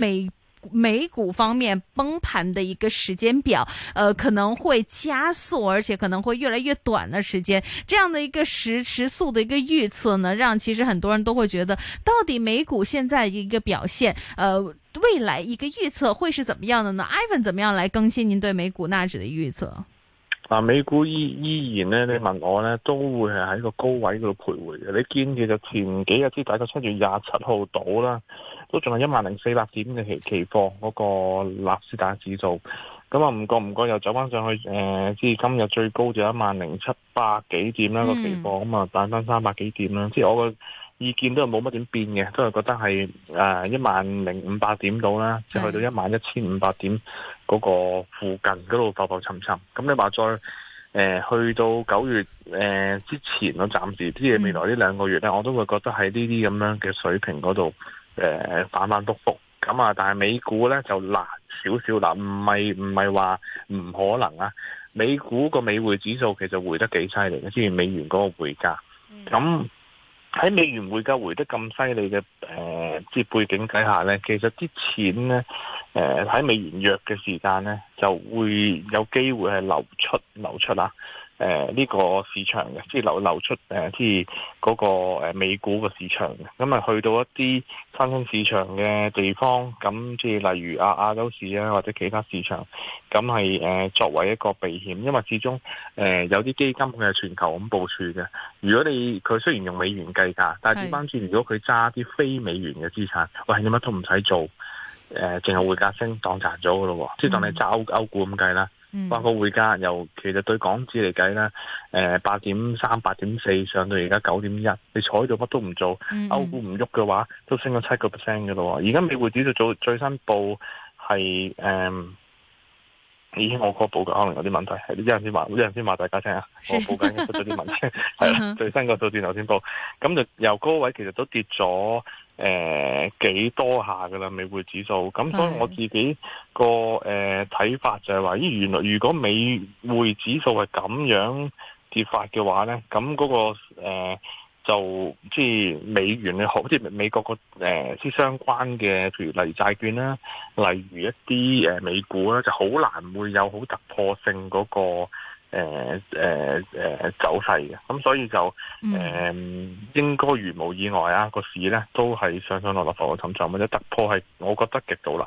美美股，方面崩盤的一個時間表，呃，可能會加速，而且可能會越來越短的時間。這樣的一個時時速的一個預測呢，讓其實很多人都會覺得，到底美股現在的一個表現，呃，未來一個預測會是怎麼樣的呢？Ivan 怎麼樣來更新您對美股納指的預測？啊，美股依依然呢，你問我呢，都會係喺個高位嗰度徘徊嘅。你見住就前幾日即大概七月廿七號到啦。都仲係一萬零四百點嘅期期貨嗰、那個納斯達指數，咁啊唔覺唔覺又走翻上去，誒、呃，即係今日最高就一萬零七百幾點啦個期貨，咁啊賺翻三百幾點啦。即、就、係、是、我個意見都係冇乜點變嘅，都係覺得係誒一萬零五百點、mm. 到啦，即係去到一萬一千五百點嗰個附近嗰度浮浮沉沉。咁你話再誒、呃、去到九月誒、呃、之前，我暫時即係未來呢兩個月咧，mm. 我都會覺得喺呢啲咁樣嘅水平嗰度。誒，反反覆覆咁啊。但係美股咧就難少少啦，唔係唔係話唔可能啊。美股個美匯指數其實回得幾犀利嘅，之前美元嗰個匯價，咁、嗯、喺美元匯價回得咁犀利嘅誒，即、呃、係背景底下咧，其實啲錢咧，誒、呃、喺美元弱嘅時間咧，就會有機會係流出流出啦。誒、呃、呢、這個市場嘅，即係流流出誒、呃，即係嗰個美股嘅市場嘅，咁、嗯、啊去到一啲新興市場嘅地方，咁、嗯、即係例如亞亞洲市啊或者其他市場，咁係誒作為一個避險，因為始終誒、呃、有啲基金佢係全球咁部署嘅。如果你佢雖然用美元計價，是但係點返轉如果佢揸啲非美元嘅資產，喂，你乜都唔使做，誒、呃，淨係匯價升當賺咗嘅咯，即係當你揸歐歐股咁計啦。包括匯價尤其係對港紙嚟計咧，誒八點三八點四上到而家九點一，你坐喺度乜都唔做，歐股唔喐嘅話都升咗七個 percent 嘅咯。而家美匯指數就最新報係誒、嗯，咦我嗰個報嘅可能有啲問題，係你一陣先話，一陣先話大家聽下，我報緊出咗啲問題，係 啦 最新嗰度轉頭先報，咁就由高位其實都跌咗。誒、呃，幾多下噶啦？美匯指數。咁，所以我自己個誒睇法就係話，依原來如果美匯指數係咁樣跌法嘅話咧，咁嗰、那個誒、呃、就即係美元咧，好似美國個誒啲相關嘅，譬如例如債券啦，例如一啲誒美股咧，就好難會有好突破性嗰、那個。誒誒誒走勢嘅，咁、嗯、所以就誒、呃、應該如無意外啊，個市咧都係上上落落浮浮沉沉，或者突破係我覺得極度難。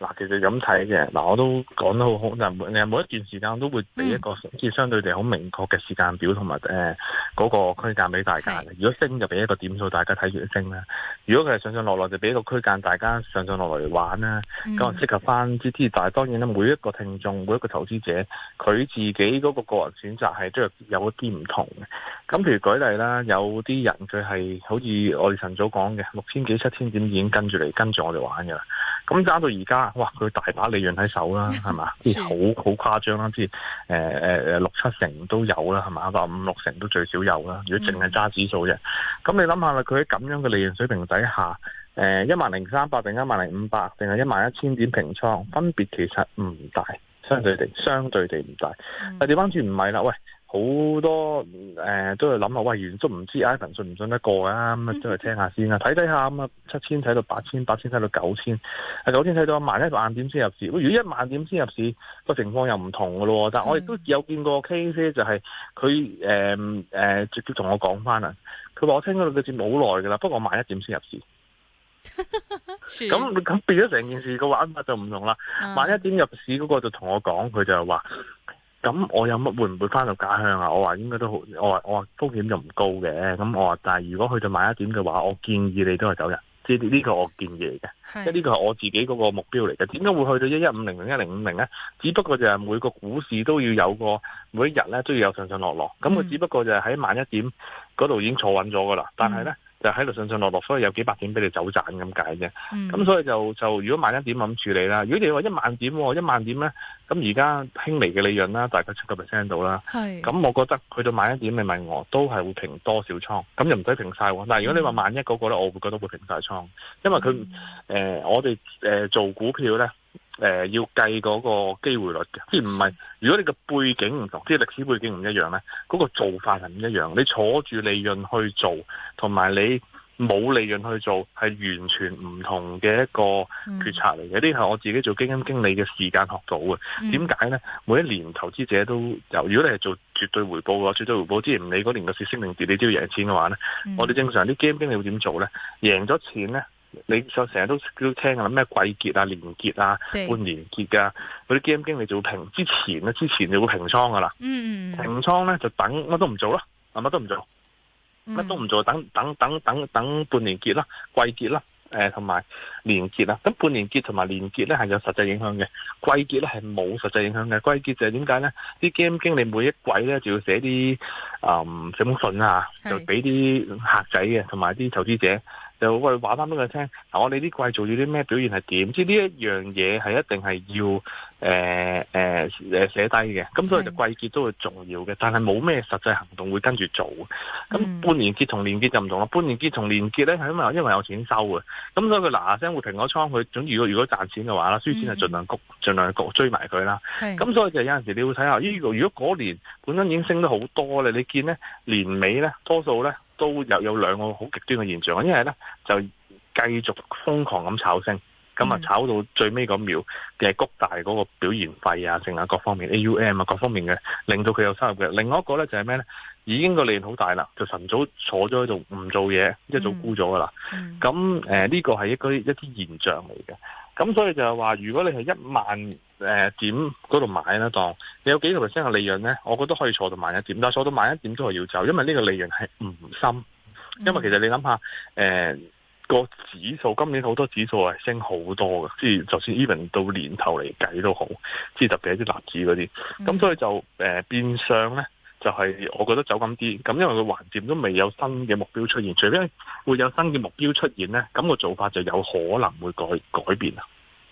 嗱，其實咁睇嘅，嗱，我都講得好好，嗱，每一段時間都會俾一個相對地好明確嘅時間表同埋誒嗰個區間俾大家。如果升就俾一個點數，大家睇住升啦。如果佢係上上落落，就俾一個區間，大家上上落落嚟玩啦。咁、嗯、啊，適合翻啲啲，但係當然啦，每一個聽眾，每一個投資者，佢自己嗰個個人選擇係都有一啲唔同嘅。咁譬如舉例啦，有啲人佢、就、係、係、好似我哋晨早講嘅六千幾七千點已經跟住嚟跟住我哋玩嘅啦。咁、嗯、揸到而家，哇！佢大把利潤喺手啦，係嘛？啲好好誇張啦，啲誒、呃呃、六七成都有啦，係嘛？百五六成都最少有啦。如果淨係揸指數啫，咁、嗯嗯嗯、你諗下啦，佢喺咁樣嘅利潤水平底下，誒一萬零三百定一萬零五百定係一萬一千點平倉，分別其實唔大，相對地，相對地唔大。嗯、但調翻轉唔係啦，喂！好多誒、呃，都係諗下，喂，原叔唔知艾 n 信唔信得過啊？咁、嗯、啊，都係聽下先啊，睇睇下咁啊，七千睇到八千，八千睇到九千，啊，九千睇到一萬，一點點先入市。如果一萬點先入市，個情況又唔同噶咯。但係我亦都有見過 c a 就係佢誒誒直接同我講翻啊，佢話我聽到度嘅字好耐噶啦，不過萬一點先入市。咁 咁變咗成件事個玩法就唔同啦。萬、嗯、一點入市嗰個就同我講，佢就係話。咁我有乜會唔會翻到家鄉啊？我話應該都好，我話我話風險就唔高嘅。咁我話，但係如果去到萬一點嘅話，我建議你都係走人。即係呢個我建議嚟嘅，即係呢個係我自己嗰個目標嚟嘅。點解會去到一一五零零一零五零咧？只不過就係每個股市都要有個每一日咧都要有上上落落。咁我只不過就係喺萬一點嗰度已經坐穩咗噶啦。但係咧。嗯就喺度上上落落，所以有幾百點俾你走盞咁解啫。咁、嗯、所以就就如果萬一點咁處理啦。如果你話一萬點，一萬點咧，咁而家輕微嘅利潤啦，大概七個 percent 到啦。係。咁我覺得去到萬一點你問我都係會平多少倉，咁又唔使平晒喎。但如果你話萬一個、那個咧、嗯，我會覺得會平晒倉，因為佢誒、嗯呃、我哋誒、呃、做股票咧。誒、呃、要計嗰個機會率嘅，即係唔係如果你個背景唔同，即係歷史背景唔一樣咧，嗰、嗰個做法係唔一樣。你坐住利潤去做，同埋你冇利潤去做，係完全唔同嘅一個決策嚟嘅。呢啲係我自己做基金經理嘅時間學到嘅。點解咧？每一年投資者都由，如果你係做絕對回報嘅話，絕對回報之前唔理嗰年嘅市升定跌，你都要贏錢嘅話咧、嗯，我哋正常啲基金經理會點做咧？贏咗錢咧？你就成日都都聽啊，咩季結啊、連結啊、年結啊、半年結噶，嗰啲基金經理就會平之前咧、啊，之前就會平倉噶啦。嗯。平倉咧就等乜都唔做咯，乜都唔做，乜都唔做等等等等等半年結啦、季結啦、誒同埋年結啦。咁半年結同埋年結咧係有實際影響嘅，季結咧係冇實際影響嘅。季結就係點解咧？啲基金經理每一季咧就要寫啲誒信啊，就俾啲客仔嘅同埋啲投資者。就會話翻俾佢聽，嗱，我哋呢季做咗啲咩表現係點？即係呢一樣嘢係一定係要誒誒誒寫低嘅。咁、呃呃、所以就季結都會重要嘅，但係冇咩實際行動會跟住做。咁半年結同年結就唔同咯。半年結同年結咧，係因為因為有錢收嘅，咁所以佢嗱嗱聲會停咗倉。佢總之如果如果賺錢嘅話啦，輸錢係儘量谷儘量谷追埋佢啦。咁所以就有陣時你要睇下，呢個如果嗰年本身已經升得好多咧，你見咧年尾咧多數咧。都又有兩個好極端嘅現象，一係咧就繼續瘋狂咁炒升，咁啊炒到最尾嗰秒，誒谷大嗰個表現費啊，淨係各方面 AUM 啊，各方面嘅令到佢有收入嘅。另外一個咧就係咩咧？已經個利好大啦，就晨早坐咗喺度唔做嘢，一早沽咗㗎喇。咁誒呢個係一個一啲現象嚟嘅。咁所以就係話，如果你係一萬。誒、呃、點嗰度買啦，當你有幾個 percent 嘅利潤咧，我覺得可以坐到萬一點，但坐到萬一點都係要走，因為呢個利潤係唔深。因為其實你諗下，誒、呃那個指數今年好多指數係升好多嘅，即係就算 even 到年頭嚟計都好，即係特別啲納指嗰啲。咁所以就誒、呃、變相咧，就係、是、我覺得走咁啲。咁因為個橫掂都未有新嘅目標出現，除非會有新嘅目標出現咧，咁、那個做法就有可能會改改變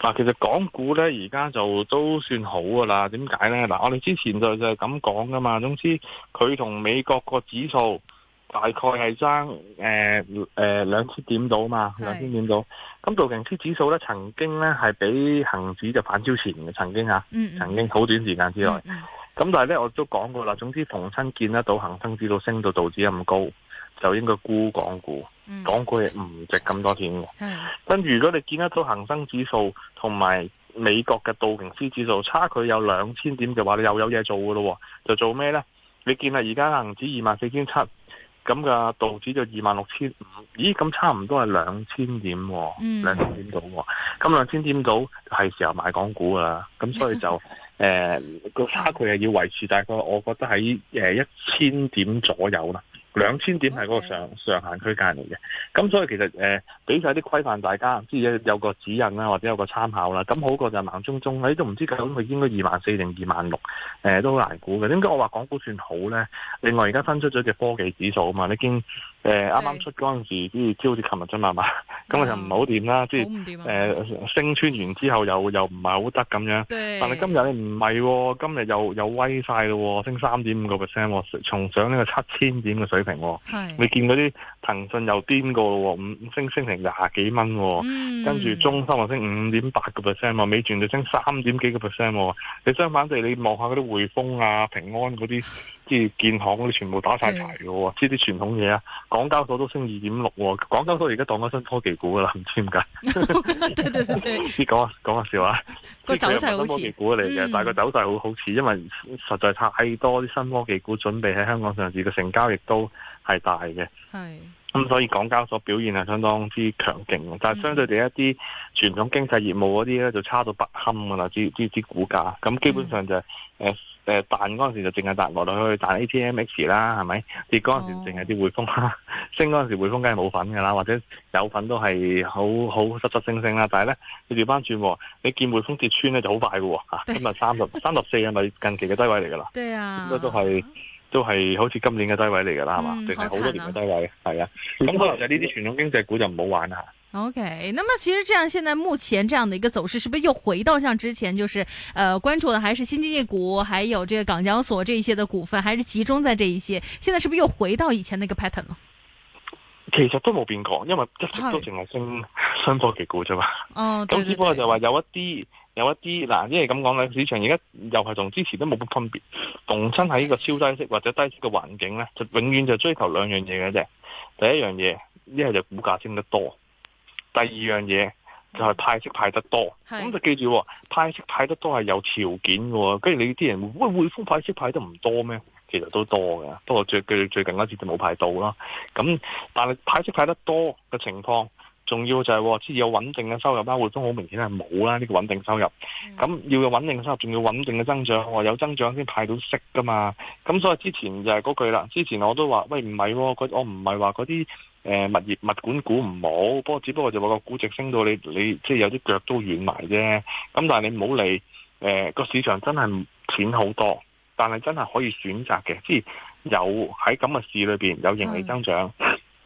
嗱，其實港股咧，而家就都算好噶啦。點解咧？嗱，我哋之前就就係咁講噶嘛。總之，佢同美國個指數大概係爭誒誒兩千點到嘛，兩千點到。咁道瓊斯指數咧，曾經咧係比恒指就反超前嘅，曾經啊、嗯嗯，曾經好短時間之內。咁、嗯嗯、但係咧，我都講過啦。總之，逢親見得到恒生指數升到道指咁高，就應該沽港股。嗯、港股係唔值咁多錢嘅，但如果你見得到恒生指數同埋美國嘅道瓊斯指數差距有兩千點話，就話你又有嘢做喇咯，就做咩咧？你見啊，而家恒指二萬四千七，咁嘅道指就二萬六千五，咦，咁差唔多係兩千點，兩、嗯、千點到，咁兩千點到係時候買港股噶啦，咁所以就誒個、 呃、差距係要維持大概，我覺得喺誒一千點左右啦。兩千點係嗰個上、okay. 上限區間嚟嘅，咁所以其實誒俾晒啲規範大家，即係有個指引啦，或者有個參考啦，咁好過就係盲中中，你、哎、都唔知究竟佢應該二萬四定二萬六，誒都好難估嘅。點解我話港股算好咧？另外而家分出咗隻科技指數啊嘛，你經。誒、呃，啱啱出嗰陣時，啲市好似琴日啫嘛嘛，咁我就唔好掂啦。即係誒，升穿完之後又又唔係好得咁樣。但係今日呢唔係，今日又有威晒咯、哦，升三點五個 percent，從上呢個七千點嘅水平、哦。你見嗰啲騰訊又癲過咯、哦，五升升成廿幾蚊、哦嗯，跟住中芯啊升五點八個 percent，美團就升三點幾個 percent。你相反地，你望下嗰啲匯豐啊、平安嗰啲。啲建行啲全部打晒柴嘅喎，啲啲傳統嘢啊，港交所都升二點六喎，港交所而家當咗新科技股噶啦，唔知點解，啲講講下笑話對對對說說話，個走勢好似新科技股嚟嘅、嗯，但係個走勢好好似，因為實在太多啲新科技股準備喺香港上市，個成交亦都係大嘅。係，咁、嗯、所以港交所表現係相當之強勁，但係相對地一啲傳統經濟業務嗰啲咧就差到不堪噶啦，啲啲啲股價，咁基本上就係、是、誒。嗯誒，彈嗰陣時就淨係彈落落去去，彈 A T M X 啦，係咪跌嗰陣時淨係啲匯豐，升嗰陣時匯豐梗係冇份噶啦，或者有份都係好好失失升升啦。但係咧，你調翻轉，你見匯豐跌穿咧就好快噶，吓今日三十、三十四係咪近期嘅低位嚟噶啦？對啊，應該都係都係好似今年嘅低位嚟噶啦，係、嗯、嘛？係好多年嘅低位係啊。咁可能就呢啲傳統經濟股就唔好玩啦。O.K.，那麼其實這樣，現在目前這樣的一個走勢，是不是又回到像之前，就是，呃，關注的還是新經濟股，還有這個港交所這一些的股份，還是集中在這一些？現在是不是又回到以前那個 pattern 了？其實都冇變過，因為一直都淨係升新、哎、科技股啫嘛。哦，咁只不過就話有一啲，有一啲嗱，因為咁講咧，市場而家又係同之前都冇乜分別，共親喺呢個超低息或者低息嘅環境咧，就永遠就追求兩樣嘢嘅啫。第一樣嘢，一係就股價升得多。第二樣嘢就係、是、派息派得多，咁就記住派息派得多係有條件嘅，跟住你啲人，會喂，匯豐派息派得唔多咩？其實都多嘅，不過最最近嗰次就冇派到啦。咁但係派息派得多嘅情況，重要就係、是、先有穩定嘅收入，包括匯豐好明顯係冇啦，呢、這個穩定收入。咁要有穩定嘅收入，仲要穩定嘅增長，有增長先派到息噶嘛。咁所以之前就係嗰句啦，之前我都話喂唔係，喎、哦，我唔係話嗰啲。誒，物業物管股唔好，不過只不過就話個估值升到你，你即係、就是、有啲腳都軟埋啫。咁但係你唔好理，誒、呃、個市場真係淺好多，但係真係可以選擇嘅，即係有喺咁嘅市裏邊有盈利增長，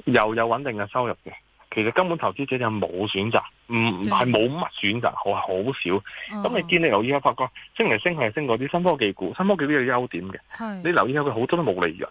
又有穩定嘅收入嘅。其實根本投資者就冇選擇，唔係冇乜選擇，好好少。咁你見你留意下，發覺升嚟升去係升嗰啲新科技股，新科技啲有優點嘅，你留意下佢好多都冇利潤。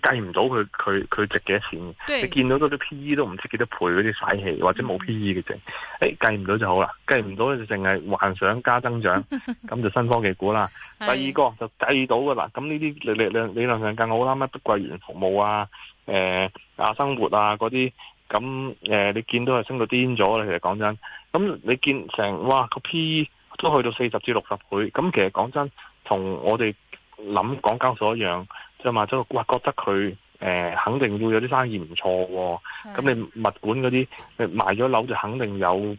計唔到佢佢佢值幾多錢，你見到嗰啲 P E 都唔知幾多倍，嗰啲嘥氣，或者冇 P E 嘅啫。誒、哎，計唔到就好啦，計唔到就淨係幻想加增長，咁就新科技股啦。 第二個就計到噶啦，咁呢啲理理論上更好啦，乜碧桂園服務啊，誒、呃、啊生活啊嗰啲，咁、呃、誒你見到係升到癲咗啦。其實講真，咁你見成哇個 P E 都去到四十至六十倍，咁其實講真，同我哋諗港交所一樣。就即話覺得佢、呃、肯定會有啲生意唔錯喎。咁你物管嗰啲，你賣咗樓就肯定有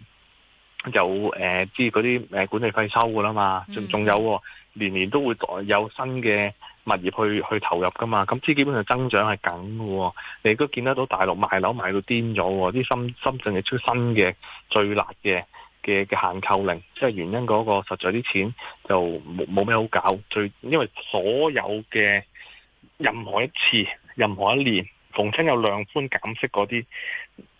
有誒，即嗰啲管理費收噶啦嘛。仲、嗯、仲有年、哦、年都會有新嘅物業去去投入噶嘛。咁即基本上增長係緊喎。你都見得到大陸賣樓賣到癲咗喎，啲深深圳嘅出新嘅最辣嘅嘅嘅限購令，即、就、係、是、原因嗰個實在啲錢就冇冇咩好搞。最因為所有嘅。任何一次、任何一年，逢親有量寬減息嗰啲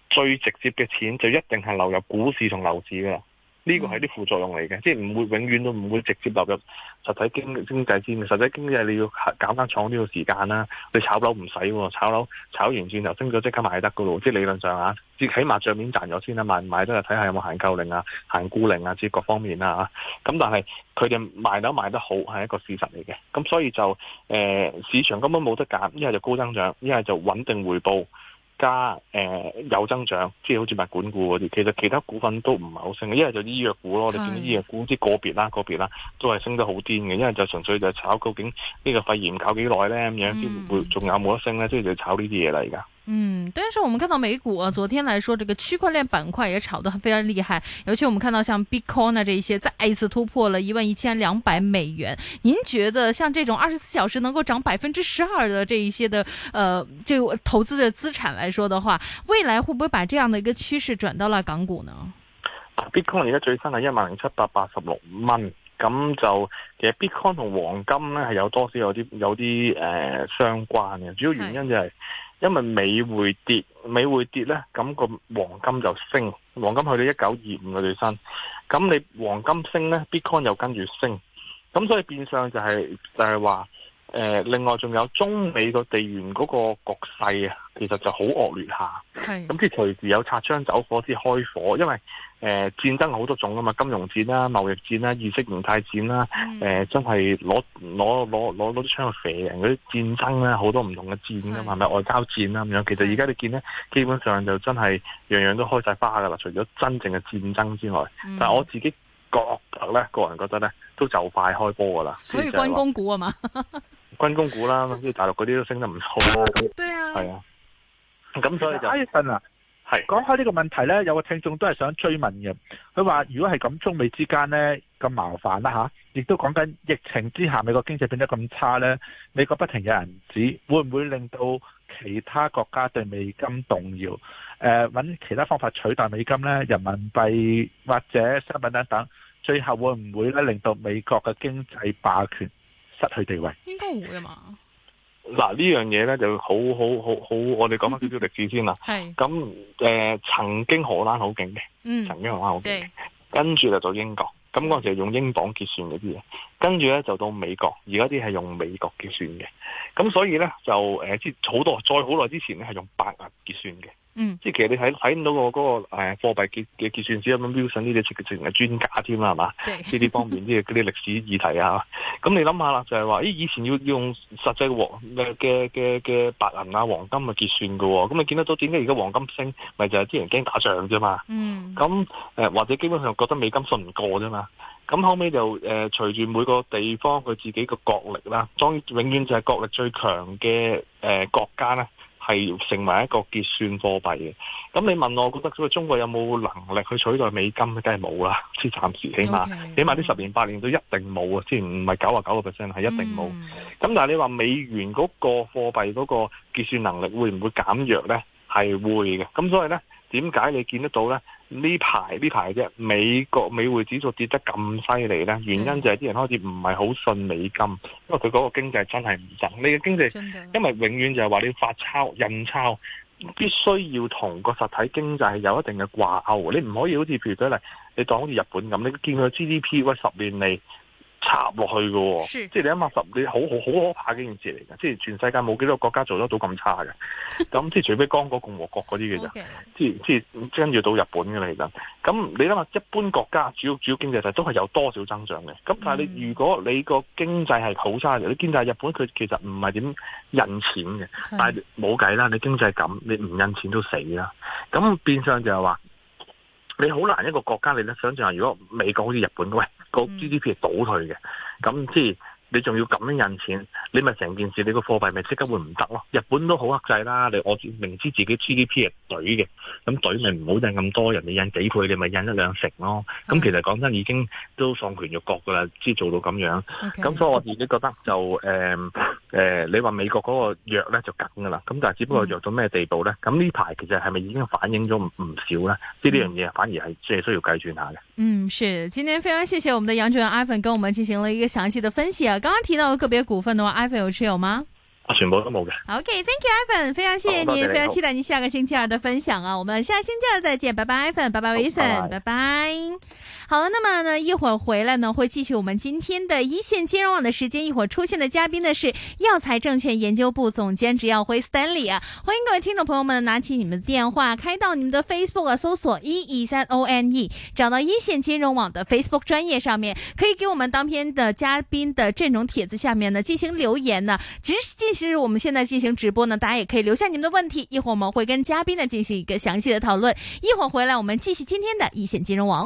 最直接嘅錢，就一定係流入股市同樓市㗎喇。呢、這個係啲副作用嚟嘅，即係唔會永遠都唔會直接流入實體經濟經濟之內。實體經濟你要搞返廠都要時間啦、啊，你炒樓唔使喎，炒樓炒完轉頭就升咗，即刻賣得㗎喇。即係理論上啊，至起碼帳面賺咗先啦、啊。賣唔賣都係睇下有冇限購令啊、限沽令啊之各方面啊。咁但係佢哋賣樓賣得好係一個事實嚟嘅。咁所以就誒、呃、市場根本冇得揀，一係就高增長，一係就穩定回報。加誒、呃、有增長，即係好似物管股嗰啲，其實其他股份都唔係好升嘅，因為就醫藥股咯。你見醫藥股啲個別啦、啊，個別啦、啊、都係升得好癲嘅，因為就純粹就炒究竟呢個肺炎搞幾耐咧咁樣，會仲有冇得升咧？即係就炒呢啲嘢啦而家。嗯，但是我們看到美股啊，昨天來說這個區塊鏈板塊也炒得非常厲害，尤其我們看到像 Bitcoin、呢、這一些再一次突破了一萬一千兩百美元。您覺得像這種二十四小時能夠漲百分之十二的這一些的呃，就投資的資產來說的話，未來會不會把這樣的一個趨勢轉到了港股呢？Bitcoin 而家最新係一萬零七百八十六蚊，咁就其實 Bitcoin 同黃金呢，係有多少有啲有啲誒、呃、相關嘅，主要原因就係、是。是因為美匯跌，美匯跌咧，咁、嗰個黃金就升，黃金去到一九二五嘅最新，咁你黃金升咧，Bitcoin 又跟住升，咁所以變相就係、係、就係、係、話。誒、呃，另外仲有中美個地緣嗰個局勢啊，其實就好惡劣下。咁即係隨時有擦槍走火先開火，因為誒、呃、戰爭好多種噶嘛，金融戰啦、啊、貿易戰啦、啊、意識形態戰啦、啊，誒、嗯呃、真係攞攞攞攞攞啲槍嚟射人嗰啲戰爭啦、啊，好多唔同嘅戰㗎、啊、嘛，係咪外交戰啊，咁樣？其實而家你見呢，基本上就真係樣樣都開晒花㗎啦，除咗真正嘅戰爭之外，嗯、但係我自己覺得咧，個人覺得咧，都就快，快開波㗎啦。所以軍工股啊嘛。 軍工股啦，跟住大陸嗰啲都升得唔好，係啊，咁、啊啊、所以就阿信啊，係講開呢個問題咧，有個聽眾都係想追問嘅，佢話如果係咁中美之間呢咁麻煩啦吓，亦都講緊疫情之下美國經濟變得咁差呢，美國不停有人指會唔會令到其他國家對美金動搖？誒、呃，揾其他方法取代美金呢，人民幣或者商品等等，最後會唔會咧令到美國嘅經濟霸權？失去地位應該會啊嘛，嗱，呢樣嘢咧就好好好好，我哋講翻少少歷史先啦。係咁誒，曾經荷蘭好勁嘅，嗯，曾經荷蘭好勁嘅，跟住就到英國。咁嗰陣時用英鎊結算嗰啲嘢，跟住咧就到美國。而家啲係用美國結算嘅，咁所以咧就誒，好多再好耐之前咧係用白銀結算嘅。即、嗯、係其實你喺睇唔到個嗰個誒貨幣結嘅結算只有咁瞄，上呢啲直情係專家添啦，係嘛？呢啲方面啲啲歷史議題啊，咁你諗下啦，就係話，以前要用實際黃嘅嘅嘅白銀啊黃金啊結算噶、哦，咁你見得到點解而家黃金升，咪就係、是、啲人驚打仗啫嘛？嗯，咁誒或者基本上覺得美金信唔過啫嘛，咁後尾就誒隨住每個地方佢自己個國力啦，當然永遠就係國力最強嘅誒國家咧，係成為一個結算貨幣嘅，咁你問我，我覺得咁啊，中國有冇能力去取代美金？梗係冇啦，先暫時起碼，起碼呢十年八年都一定冇啊，雖然唔係九啊九個 percent，係一定冇。咁但係你話美元嗰個貨幣嗰個結算能力會唔會減弱咧？係會嘅，咁所以咧。點解你見得到呢？呢排呢排啫，美國美匯指數跌得咁犀利呢，原因就係啲人開始唔係好信美金，因為佢嗰個經濟真係唔振。你嘅經濟因為永遠就係話你要發鈔印鈔，必須要同個實體經濟係有一定嘅掛鈎。你唔可以好似譬如舉例，你當好似日本咁，你見佢 GDP 屈十年嚟。插落去嘅，哦，即係你諗下十，你好好好可怕嘅件事嚟嘅，即係全世界冇幾多個國家做得到咁差嘅。咁 即係除非剛果共和國嗰啲嘅，即係即係跟住到日本嘅。其實咁你諗下一般國家主要主要經濟就都係有多少增長嘅，咁、嗯、但係你如果你個經濟係好差嘅，你經濟日本佢其實唔係點印錢嘅，但係冇計啦，你經濟咁，你唔印錢都死啦，咁變相就係話，你好難一個國家，你諗，想象下，如果美國好似日本喂。個 GDP 係倒退嘅，咁即係。你仲要咁樣印錢，你咪成件事你個貨幣咪即刻會唔得咯？日本都好克制啦，你我明知自己 GDP 係攰嘅，咁攰咪唔好印咁多人你印幾倍，你咪印一兩成咯。咁、嗯、其實講真已經都喪權辱國噶啦，即做到咁樣。咁、okay, 所以我自己覺得就誒、呃呃、你話美國嗰個藥咧就緊噶啦，咁但係只不過弱到咩地步咧？咁呢排其實係咪已經反映咗唔少咧？呢啲樣嘢反而係即係需要計算下嘅。嗯，是，今天非常謝謝我們的楊主任 Ivan 跟我們進行了一個詳細的分析啊。剛剛提到的個別股份的話，iPhone 有持有嗎？我全部都冇嘅。o k、okay, thank you, Evan 非常謝謝你、哦，非常期待你下個星期二的分享啊！我們下星期二再見，拜拜，Evan 拜拜，Vincent，哦、拜，拜，拜拜。好，那麼呢，一會兒回來呢，會繼續我們今天的一線金融網的時間。一會兒出現的嘉賓呢是耀才證券研究部總監，植耀輝 Stanley 啊，歡迎各位聽眾朋友們拿起你們的電話，開到你們的 Facebook 啊，搜索一一三 O N E，找到一線金融網的 Facebook 專頁上面，可以給我們當天的嘉賓的這種帖子下面呢進行留言呢、啊，直接。其實我們現在進行直播呢，大家也可以留下您的問題，一會兒我們會跟嘉賓呢進行一個詳細的討論。一會兒回來我們繼續今天的一線金融王。